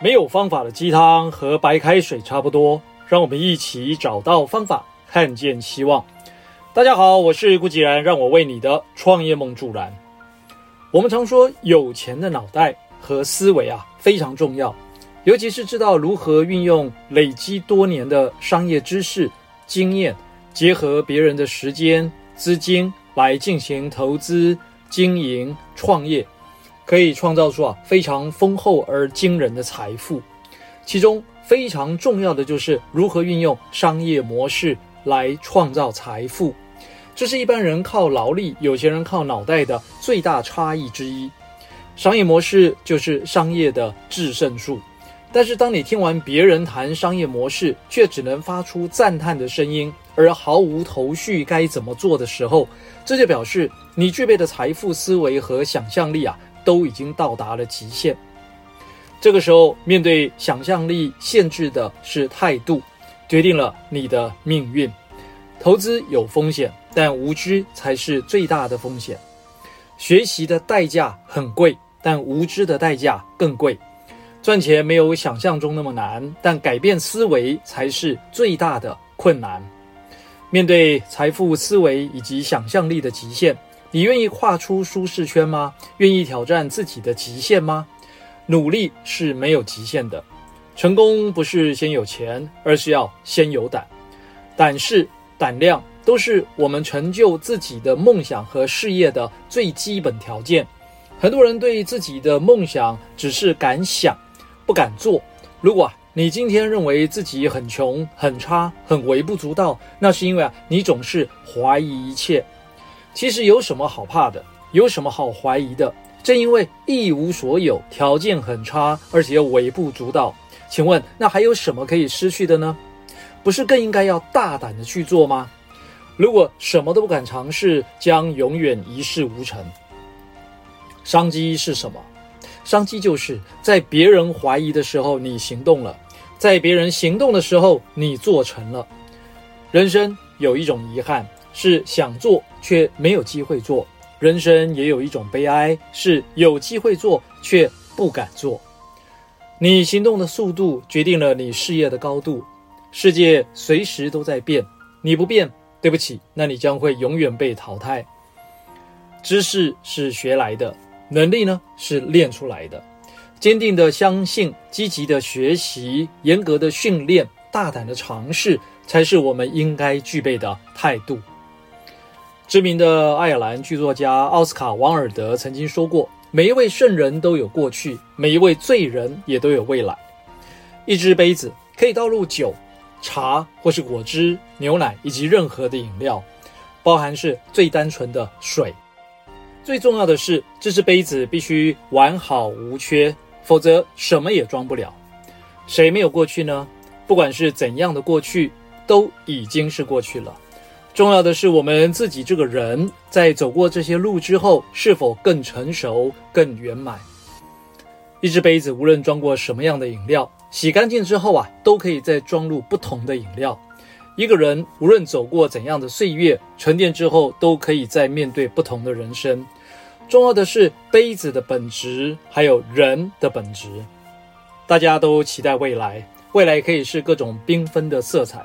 沒有方法的雞湯和白開水差不多，讓我們一起找到方法，看見希望。大家好，我是顧繼然，讓我為你的創業夢助燃。我們常說，有錢的腦袋和思維啊非常重要，尤其是知道如何運用累積多年的商業知識、經驗，結合別人的時間、資金來進行投資、經營、創業。可以創造出啊非常豐厚而驚人的財富，其中非常重要的就是如何運用商業模式來創造財富，這是一般人靠勞力，有錢人靠腦袋的最大差異之一。商業模式就是商業的制勝術，但是當你聽完別人談商業模式，卻只能發出讚嘆的聲音，而毫無頭緒該怎麼做的時候，這就表示你具備的財富思維和想象力啊。都已經到達了極限。這個時候，面對想象力限制的是態度，決定了你的命運。投資有風險，但無知才是最大的風險。學習的代價很貴，但無知的代價更貴。賺錢沒有想象中那麼難，但改變思維才是最大的困難。面對財富思維以及想象力的極限。你願意跨出舒適圈嗎？願意挑戰自己的極限嗎？努力是沒有極限的，成功不是先有錢，而是要先有膽。膽識、膽量，都是我們成就自己的夢想和事業的最基本條件。很多人對自己的夢想只是敢想，不敢做。如果你今天認為自己很窮、很差、很微不足道，那是因為啊，你總是懷疑一切。其實有什麼好怕的？有什麼好懷疑的？正因為一無所有，條件很差，而且又微不足道，請問那還有什麼可以失去的呢？不是更應該要大膽的去做嗎？如果什麼都不敢嘗試，將永遠一事無成。商機是什麼？商機就是在別人懷疑的時候你行動了，在別人行動的時候你做成了。人生有一種遺憾。是想做卻沒有機會做，人生也有一種悲哀，是有機會做卻不敢做。你行動的速度決定了你事業的高度。世界隨時都在變，你不變，對不起，那你將會永遠被淘汰。知識是學來的，能力呢？是練出來的。堅定的相信，積極的學習，嚴格的訓練，大膽的嘗試，才是我們應該具備的態度。知名的愛爾蘭劇作家奧斯卡·王爾德曾經說過：“每一位聖人都有過去，每一位罪人也都有未來。”一隻杯子可以倒入酒、茶或是果汁、牛奶以及任何的飲料，包含是最單純的水。最重要的是，這隻杯子必須完好無缺，否則什麼也裝不了。誰沒有過去呢？不管是怎樣的過去，都已經是過去了。重要的是，我們自己這個人，在走過這些路之後，是否更成熟、更圓滿？一隻杯子，無論裝過什麼樣的飲料，洗乾淨之後啊，都可以再裝入不同的飲料。一個人，無論走過怎樣的歲月，沉澱之後，都可以再面對不同的人生。重要的是，杯子的本質，還有人的本質。大家都期待未來，未來可以是各種繽紛的色彩。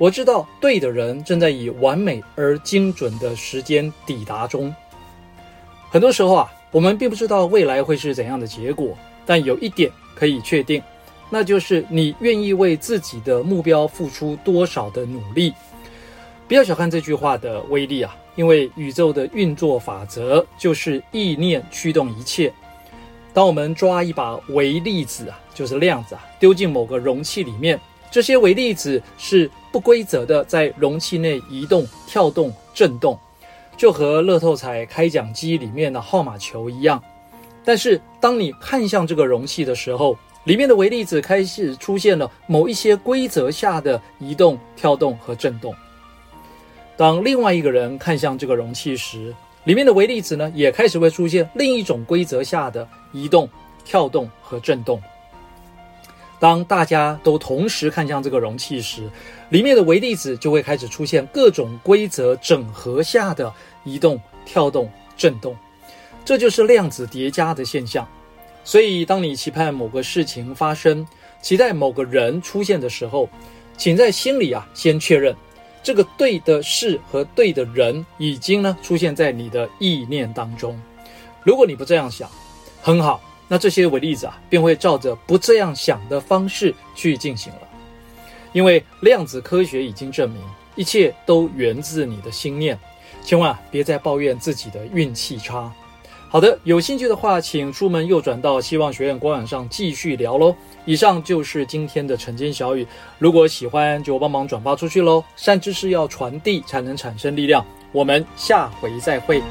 我知道對的人正在以完美而精準的時間抵達中。很多時候啊，我們並不知道未來會是怎樣的結果，但有一點可以確定，那就是你願意為自己的目標付出多少的努力。不要小看這句話的威力啊，因為宇宙的運作法則就是意念驅動一切。當我們抓一把微粒子啊，就是量子啊，丟進某個容器裡面。這些微粒子是不規則的，在容器內移動、跳動、振動，就和樂透彩開獎機裡面的號碼球一樣。但是，當你看向這個容器的時候，裡面的微粒子開始出現了某一些規則下的移動、跳動和振動。當另外一個人看向這個容器時，裡面的微粒子呢，也開始會出現另一種規則下的移動、跳動和振動。當大家都同時看向這個容器時，裡面的微粒子就會開始出現各種規則整合下的移動、跳動、震動，這就是量子疊加的現象。所以，當你期盼某個事情發生、期待某個人出現的時候，請在心裡啊先確認，這個對的事和對的人已經呢出現在你的意念當中。如果你不這樣想，很好。那這些偽例子啊，便會照着不這樣想的方式去進行了，因為量子科學已經證明，一切都源自你的心念，千萬別再抱怨自己的運氣差。好的，有興趣的話，請出門右轉到希望學院官網上繼續聊嘍。以上就是今天的晨間小語，如果喜歡就幫忙轉發出去嘍。善知識要傳遞才能產生力量，我們下回再會。